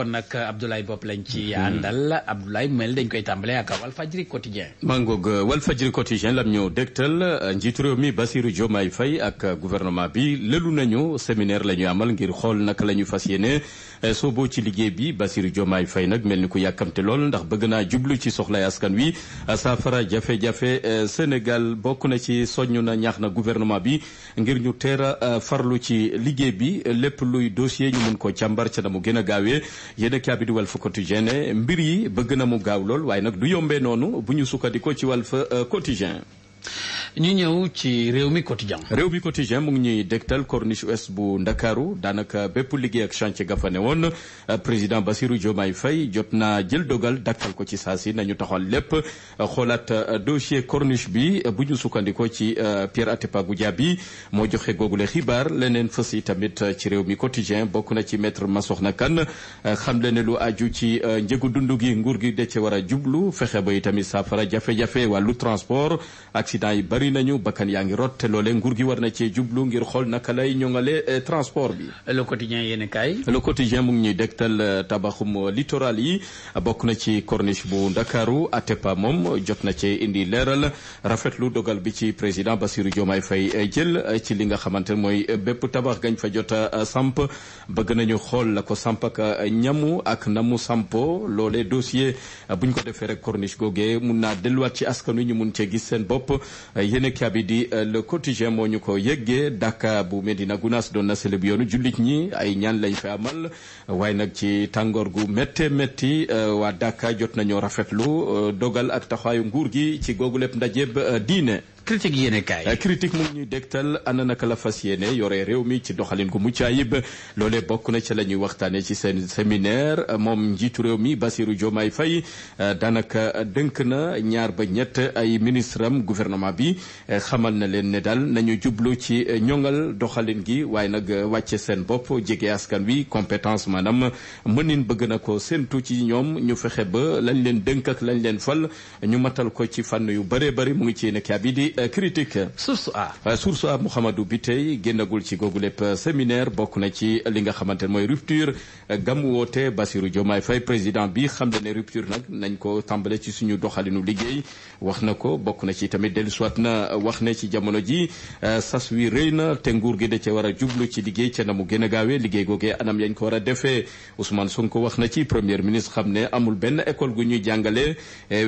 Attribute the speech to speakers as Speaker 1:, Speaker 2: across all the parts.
Speaker 1: kon nag Abdoulaye Bopp lañ ci mhm. àndal Abdoulaye mel dañ koy tàmbalee ak Walfadjri quotidien mangoog euh, Walfadjri quotidien lam ñoo dégtal euh, njiitu réew mi Bassirou Diomaye fay ak euh, gouvernement bi lëlu nañu séminaire la ñuy amal ngir xool naka la ñu fas yéene sooboo ci liggéey bi Bassirou Diomaye fay nag mel ni ku yàkkamte lool ndax bëgg naa jublu ci soxlay askan wi saafara jafe-jafe Sénégal bokk na ci soññ na ñaax na gouvernement bi ngir ñu teer a farlu ci liggéey bi lépp luy dossier ñu mun ko càmbar ca na mu gën a gaawee yéenekaay bi di Walf Quotidien ne mbir yi bëgg na mu gaaw lool waaye nag du yombee noonu bu ñu sukkandikoo ci Walf euh, Quotidien ñu ñëw ci réew mi quotidien réew mi quotidien mu ngi ñuy dégtal corniche ouest bu ndakaaru daanaka bépp liggéey ak chantier ga fa ne woon président Bassirou Diomaye Faye jot naa jël dogal dakkal ko ci saa si nañu taxawal lépp xoolaat euh, dossier corniche bi euh, bu ñu sukkandikoo ci euh, Pierre Atepa Goudiaby moo joxe googule xibaar leneen fës yi tamit ci réew mi quotidien bokk na ci maître Massokhna kan xam le ne lu aju ci njëgu dundu gi nguur gi de ci war a jublu fexe ba itamit saafara jafe-jafe wàllu transport accident bëri nañu bakkan yaa ngi rot te loolee nguur gi war na cee jublu ngir xool naka lay ñoŋale eh, transport bi. le quotidien yéen kaay. le quotidien mu ngi ñuy dégtal eh, tabaxum littoral yi bokk na ci corniche bu Ndakaaru Atepa moom jot na cee indi leeral rafetlu dogal bi ci président Bassirou Diomaye Faye eh, jël ci li nga xamante ne mooy bépp tabax gañ fa jot samp bëgg nañu xool la ko samp ak ñamu ak namu sampo loolee dossier buñ ko defee rek corniche googee mun naa ci mun cee gis seen bopp. yéenekaay bi di euh, le quotidien moo ñu ko yëggee Dakar bu Medina Gounass doon na célébrer yoonu jullit ñi ay ñaan lañ fa amal waaye nag ci tàngoor gu méttee métti euh, waa Dakar jot nañoo rafetlu euh, dogal ak taxawaayu nguur gi ci googu lépp ndajeb diine. critique yéene kaay. Euh, critique mu ngi ñuy dégtal ana naka la fas yéene yore réew mi ci doxalin gu mucc ayib loolee bokk na ci la ñuy waxtaanee ci seen séminaire moom njiitu réew mi Bassirou Diomaye fay euh, daanaka dënk na ñaar ba ñett ay ministre am gouvernement bi euh, xamal na leen ne daal nañu jublu ci ñoŋal doxalin gi waaye nag wàcce seen bopp jege askan wi compétence maanaam mënin bëgg na ko séentu ci ñoom ñu fexe ba lañ leen dënk ak lañ leen fal ñu matal ko ci fan yu bëree bëri mu ngi ci yéen a Euh, critique source a euh, source a génnagul ci googu lépp séminaire bokk na ci li nga xamante ne mooy rupture euh, gam woote Bassirou Diomaye Faye président bi xam ne ne rupture nag nañ ko tàmbale ci suñu doxalinu liggéey wax na ko bokk na ci tamit dellu soit na wax ne ci jamono ji sas wi rey na te nguur gi da ca war a jublu ci liggéey ca na mu gën a gaawee liggéey googee anam yañ ko war a defee Ousmane ko wax na ci premier ministre xam ne amul benn école gu ñuy jàngale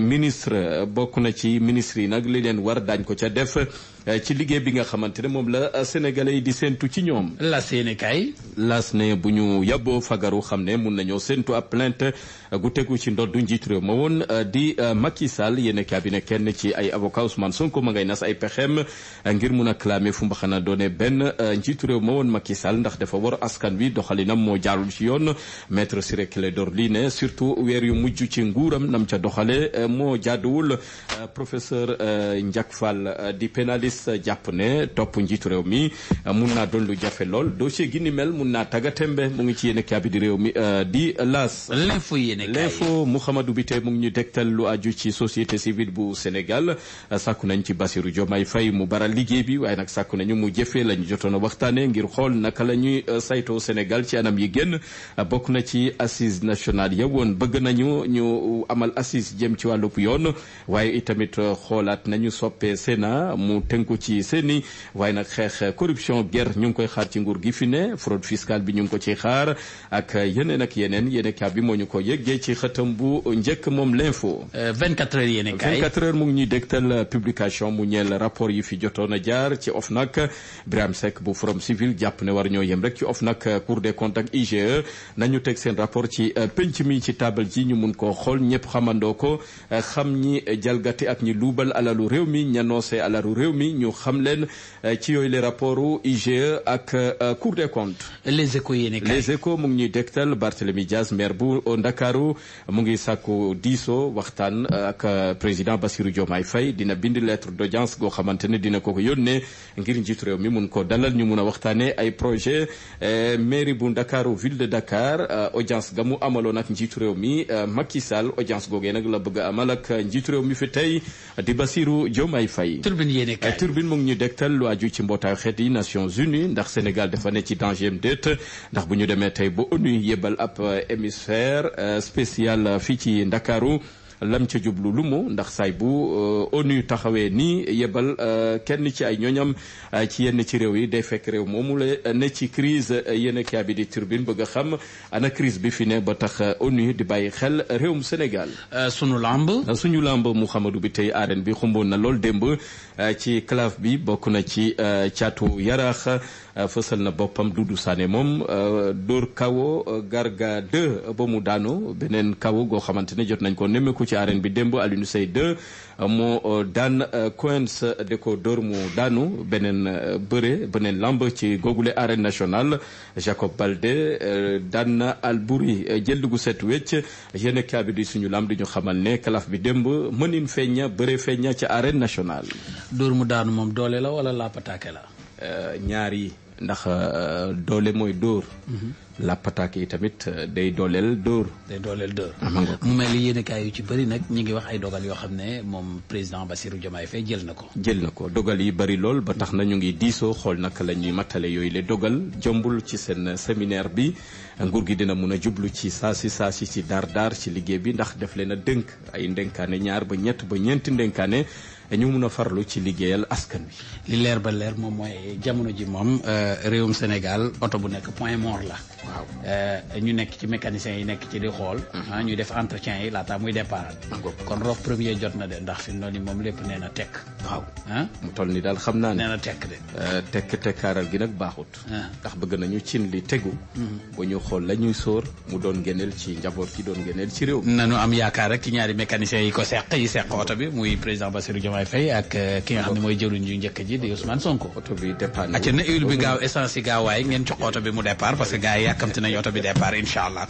Speaker 1: ministre bokk na ci ministre yi ca def Euh, ci liggéey bi nga xamante ne moom la euh, sénégalais yi di séntu ci ñoom. las yéene kay. las ne bu ñu yàbboo fagaru xam ne mun nañoo séntu ab plainte euh, gu tegu ci ndoddu njiitu réew ma woon di Macky Sall yéene kaa bi ne kenn ci ay avocat Ousmane Sonko ma ngay nas ay pexeem ngir mun a clamer fu mbaxana doone benn njiitu réew ma woon Macky Sall ndax dafa war askan wi doxalinam moo jaarul ci yoon maître Ciré Clédor lii ne surtout weer yu mujj ci nguuram nam ca doxale moo jaaduwul professeur Ndiak journaliste jàpp ne topp njiitu réew mi euh, mun naa doon lu jafe lool dossier gi ni mel mun naa tagga tembe mu ngi ci yéen a bi di réew mi euh, di las l'info yéen a l'info Mouhamadou Bité mu ngi ñu dégtal lu aju ci société civile bu Sénégal euh, sàkku nañ ci Bassirou Diomaye fay mu baral liggéey bi waaye nag sàkku nañu mu jëfee lañu jotoon na waxtaane ngir xool naka la ñuy saytoo Sénégal ci anam yi génn bokk na ci assise national ya woon bëgg nañu ñu amal assise jëm ci wàllub yoon tënku ci seeni waaye nag xeex corruption guerre ñu ngi koy xaar ci nguur gi fi ne fraude fiscale bi ñu ngi xaar ak yeneen ak yeneen yéen a bi moo ñu ko yëggee ci xëtam bu njëkk moom l'info. Euh, a mu ngi ñuy publication mu ñeel rapport yi fi jotoon a jaar ci OFNAC Birame bu Forum Civil jàpp ne war ñoo yem rek ci OFNAC Cour des comptes IGE nañu teg seen rapport ci euh, penc mi ci taabal ji ñu mun koo xool ñëpp xamandoo ko euh, xam ñi jalgati ak ñi luubal alalu réew mi. yi ñu xam leen euh, ci yooyu le rapports IGE ak euh, Cour des comptes. les échos yéen les échos mu ngi ñuy dégtal Barthélémy Diaz maire bu Ndakaaru mu ngi sàkku diisoo waxtaan euh, ak président Bassirou ay fay dina bind lettre d'audience goo xamante ne dina ko ko yónnee ngir njiitu réew mi mun ko dalal ñu mun a waxtaanee ay projet mairie bu Ndakaaru ville de Dakar audience ga mu amaloon ak njiitu réew mi Macky Sall audience googee nag la bëgg a amal ak njiitu réew mi fi tey di Bassirou Diomaye Faye. turbine mu ñu dégtal lu aju ci mbootaayu xeet yi Nations Unies ndax Sénégal dafa ne ci danger déet ndax bu ñu demee tey ba ONU yebal ab euh, hémisphère euh, spécial euh, fii ci Ndakaaru lam ca jublu lu ndax saay bu euh, ONU taxawee nii yebal euh, kenn ci ay ñoñam euh, ci yenn ci réew yi day fekk réew moom la ne ci crise yenn kaa bi di turbine bëgg a xam ana crise bi fi ne ba tax ONU di bàyyi xel réewum Sénégal. sunu làmb suñu làmb mu xamadu bi tey arène bi xumboon na lool démb ci clave bi bokk na ci caatu yaraax. Euh, fësal na boppam Doudou Sané moom euh, door kawo euh, Garga 2 ba mu daano beneen kawo goo xamante ne jot nañ ko nemmeeku ci arène bi demb Alioune Seye 2 moo daan Coins de ko dóor mu daanu beneen bëre beneen làmb ci googule arène nationale Jacob Balde daan na Albouri jël gu set wecc yéen kaabi di suñu lamb di ñu xamal ne kalaf bi démb mënin feeña bëre feeña ci arène nationale. dóor mu daanu moom doole la wala laapataake la. ñaar ndax euh, doole mooy dóor. Mhm. làppataak yi tamit euh, day dooleel dóor. day dooleel ah, mu mel ni yéenekaay yu ci bëri nag ñu ngi wax ay dogal yoo xam ne moom président Bassirou Diomaye Faye jël na ko. jël na ko dogal yi bari lool ba tax na ñu ngi diisoo xool naka la ñuy mattale yooyu le dogal jombul ci seen séminaire bi nguur gi dina mun a jublu ci saa si saa si ci daar daar ci liggéey bi ndax def leen a dënk ay ndenkaane ñaar ba ñett ba ñeenti ndenkaane. ñu mun a farlu ci liggéeyal askan wi. li leer ba leer moom mooy jamono ji moom euh, réewum Sénégal oto bu nekk point mort la. waaw euh, ñu nekk ci mécaniciens yi nekk ci di xool. Mhm. Ah, ñuy def entretien yi laata muy départ. Ah, kon rof premier jot na de ndax fi mu ne moom lépp na tekk. Ah? mu toll ni daal xam naa ne nee na tekk euh, tekkaaral gi nag baaxut. ndax bëgg nañu cin li tegu. Mhm. ba ñu xool la ñuy sóor mu doon ngeneel ci njaboot ki doon ngeneel ci réew. nañu am yaakaar rek ci ñaari mécaniciens yi ko seq yi seq oto bi muy président Bassirou Diomaye Diomaye Faye ak euh, ki nga xam ne mooy jëruñ ju na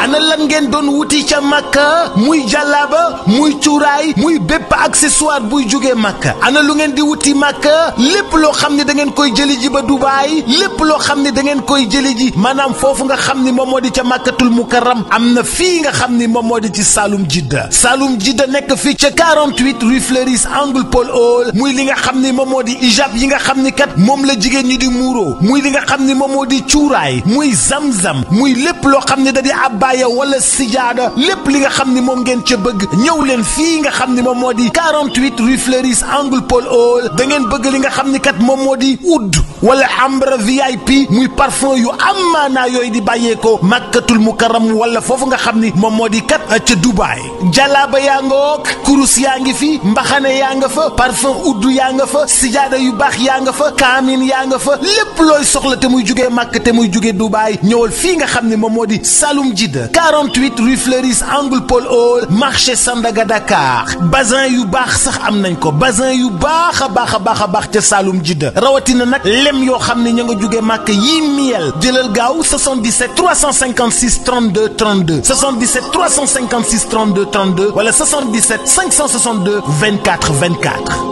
Speaker 1: ana
Speaker 2: lan ngeen doon wuti ca makka muy jàllaaba muy cuuraay muy bépp accessoire buy jógee makka ana lu ngeen di wuti makka lépp loo xam ne da ngeen koy jëli ji ba dubaay lépp loo xam ne da ngeen koy jëli ji maanaam foofu nga xam ni moom moo di ca màkkatul mukarram am na fii nga xam ne moom moo di ci Saloum Jidda Saloum Jidda nekk fii ca 48 rue Fleuris angle Paul Hall muy li nga xam ni moom moo di ijab yi nga xam ni kat moom la jigéen ñi di muuro muy li nga xam ni moom moo di cuuraay muy zamzam muy lépp loo xam ni da di abbaaya wala sijaada lépp li nga xam ni moom ngeen ca bëgg ñëw leen fii nga xam ni moom moo di 48 rue Fleuris angle Paul Hall da ngeen bëgg li nga xam ni kat moom moo di oud wala ambre VIP muy parfum yu amaanaa yooyu di bàyyeekoo makkatul mukarram wala foofu nga xam ni moom moo di kat ca Dubaay jalaaba yaa ngi fi mbaxane yaa nga fa parfum uddu yaa nga fa sijaada yu baax yaa nga fa kaamin yaa nga fa lépp looy soxla te muy jugee màkk te muy jugee Dubaay ñëwal fii nga xam ne moom moo di Saloum Jidda 48 rue Fleuris angle Paul Hall marché Sandaga Dakar bazin yu baax sax am nañ ko bazin yu baax a baax a baax a baax ca Saloum Jidda rawatina nag lem yoo xam ne ña nga jugee màkk yii miel jëlal gaaw 77 356 32 32 77 356 32 32 wala 77 vingt 862 vingt 24